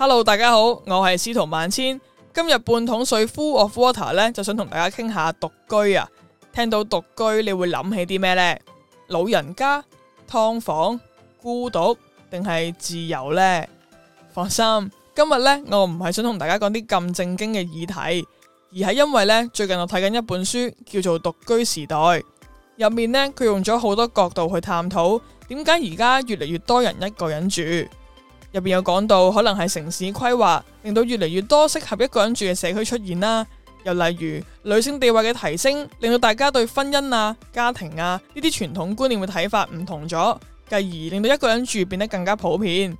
Hello，大家好，我係司徒萬千。今日半桶水 Full of Water 咧，就想同大家傾下獨居啊。聽到獨居，你會諗起啲咩呢？老人家、劏房、孤獨，定係自由呢？放心，今日呢，我唔係想同大家講啲咁正經嘅議題，而係因為呢，最近我睇緊一本書，叫做《獨居時代》，入面呢，佢用咗好多角度去探討點解而家越嚟越多人一個人住。入邊有講到，可能係城市規劃令到越嚟越多適合一個人住嘅社區出現啦。又例如女性地位嘅提升，令到大家對婚姻啊、家庭啊呢啲傳統觀念嘅睇法唔同咗，繼而令到一個人住變得更加普遍。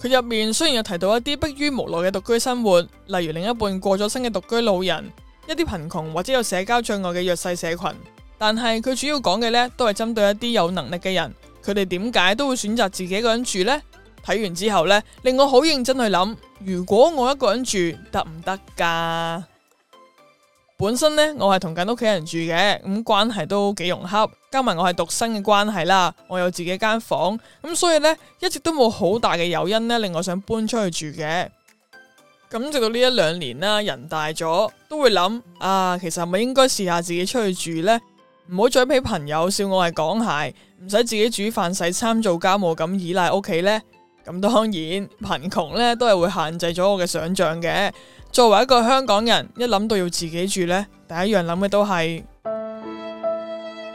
佢入面雖然有提到一啲迫於無奈嘅獨居生活，例如另一半過咗身嘅獨居老人，一啲貧窮或者有社交障礙嘅弱勢社群，但係佢主要講嘅呢都係針對一啲有能力嘅人，佢哋點解都會選擇自己一個人住呢？睇完之後呢，令我好認真去諗，如果我一個人住，得唔得㗎？本身呢，我係同緊屋企人住嘅，咁、嗯、關係都幾融洽，加埋我係獨生嘅關係啦，我有自己間房，咁所以呢，一直都冇好大嘅誘因呢令我想搬出去住嘅。咁直到呢一兩年啦，人大咗都會諗，啊，其實係咪應該試下自己出去住呢？唔好再俾朋友笑我係港孩，唔使自己煮飯、洗衫、做家務咁依賴屋企呢。咁當然，貧窮咧都係會限制咗我嘅想象嘅。作為一個香港人，一諗到要自己住咧，第一樣諗嘅都係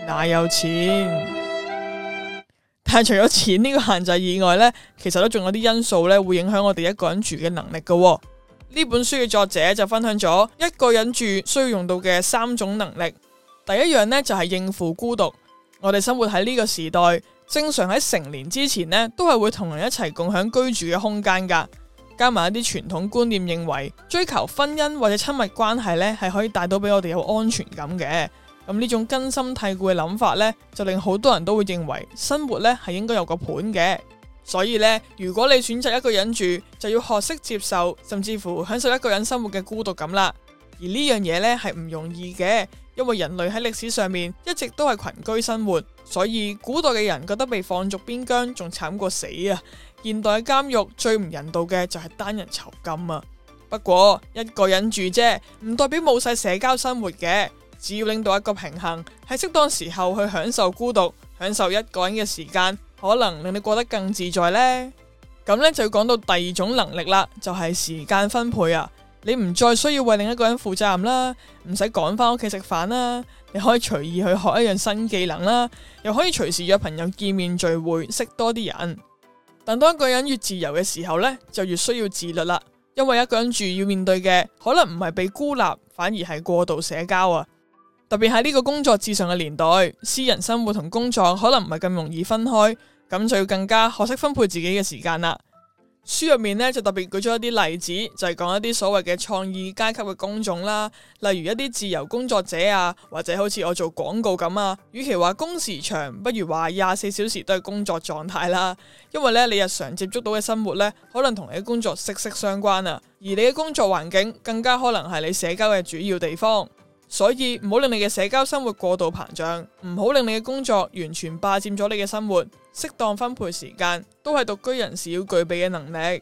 哪有錢。但係除咗錢呢個限制以外咧，其實都仲有啲因素咧會影響我哋一個人住嘅能力嘅。呢本書嘅作者就分享咗一個人住需要用到嘅三種能力。第一樣咧就係應付孤獨。我哋生活喺呢個時代。正常喺成年之前呢，都係會同人一齊共享居住嘅空間㗎。加埋一啲傳統觀念認為，追求婚姻或者親密關係呢，係可以帶到俾我哋有安全感嘅。咁呢種根深蒂固嘅諗法呢，就令好多人都會認為生活呢係應該有個伴嘅。所以呢，如果你選擇一個人住，就要學識接受，甚至乎享受一個人生活嘅孤獨感啦。而呢樣嘢呢，係唔容易嘅，因為人類喺歷史上面一直都係群居生活。所以古代嘅人覺得被放逐邊疆仲慘過死啊！現代監獄最唔人道嘅就係單人囚禁啊！不過一個人住啫，唔代表冇晒社交生活嘅，只要領到一個平衡，喺適當時候去享受孤獨，享受一個人嘅時間，可能令你過得更自在呢。咁呢，就要講到第二種能力啦，就係、是、時間分配啊！你唔再需要為另一個人負責任啦，唔使趕返屋企食飯啦，你可以隨意去學一樣新技能啦，又可以隨時約朋友見面聚會，識多啲人。但當一個人越自由嘅時候呢，就越需要自律啦，因為一個人住要面對嘅可能唔係被孤立，反而係過度社交啊。特別喺呢個工作至上嘅年代，私人生活同工作可能唔係咁容易分開，咁就要更加學識分配自己嘅時間啦。書入面呢，就特別舉咗一啲例子，就係講一啲所謂嘅創意階級嘅工種啦，例如一啲自由工作者啊，或者好似我做廣告咁啊。與其話工時長，不如話廿四小時都係工作狀態啦。因為呢，你日常接觸到嘅生活呢，可能同你嘅工作息息相關啊。而你嘅工作環境更加可能係你社交嘅主要地方。所以唔好令你嘅社交生活過度膨脹，唔好令你嘅工作完全霸佔咗你嘅生活，適當分配時間，都係獨居人士要具備嘅能力。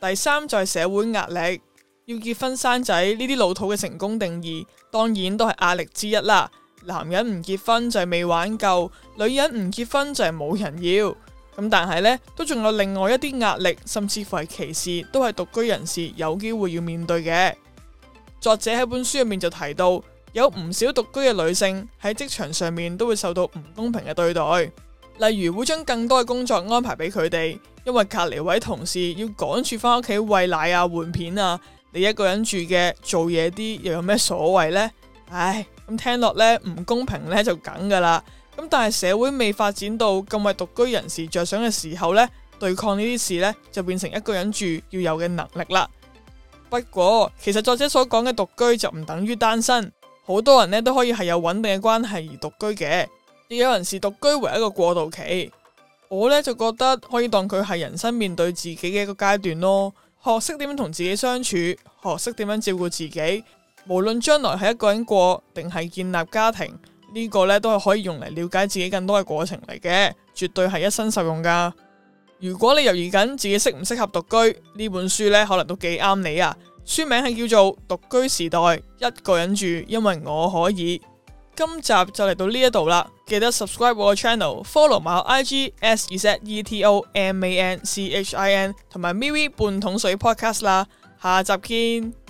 第三就係社會壓力，要結婚生仔呢啲老土嘅成功定義，當然都係壓力之一啦。男人唔結婚就係未玩夠，女人唔結婚就係冇人要。咁但係呢，都仲有另外一啲壓力，甚至乎係歧視，都係獨居人士有機會要面對嘅。作者喺本書入面就提到，有唔少獨居嘅女性喺職場上面都會受到唔公平嘅對待，例如會將更多嘅工作安排俾佢哋，因為隔籬位同事要趕住返屋企餵奶啊、換片啊，你一個人住嘅做嘢啲又有咩所謂呢？唉，咁聽落呢唔公平呢就梗㗎啦，咁但係社會未發展到咁為獨居人士着想嘅時候呢，對抗呢啲事呢，就變成一個人住要有嘅能力啦。不過，其實作者所講嘅獨居就唔等於單身，好多人呢都可以係有穩定嘅關係而獨居嘅，亦有人視獨居為一個過渡期。我呢就覺得可以當佢係人生面對自己嘅一個階段咯，學識點樣同自己相處，學識點樣照顧自己，無論將來係一個人過定係建立家庭，呢、呢個呢都係可以用嚟了解自己更多嘅過程嚟嘅，絕對係一生受用噶。如果你猶豫緊自己適唔適合獨居，呢本書咧可能都幾啱你啊！書名係叫做《獨居時代》，一個人住，因為我可以。今集就嚟到呢一度啦，記得 subscribe 我個 channel，follow 埋 IG szetomanchin 同埋 MeWe 半桶水 Podcast 啦，下集見。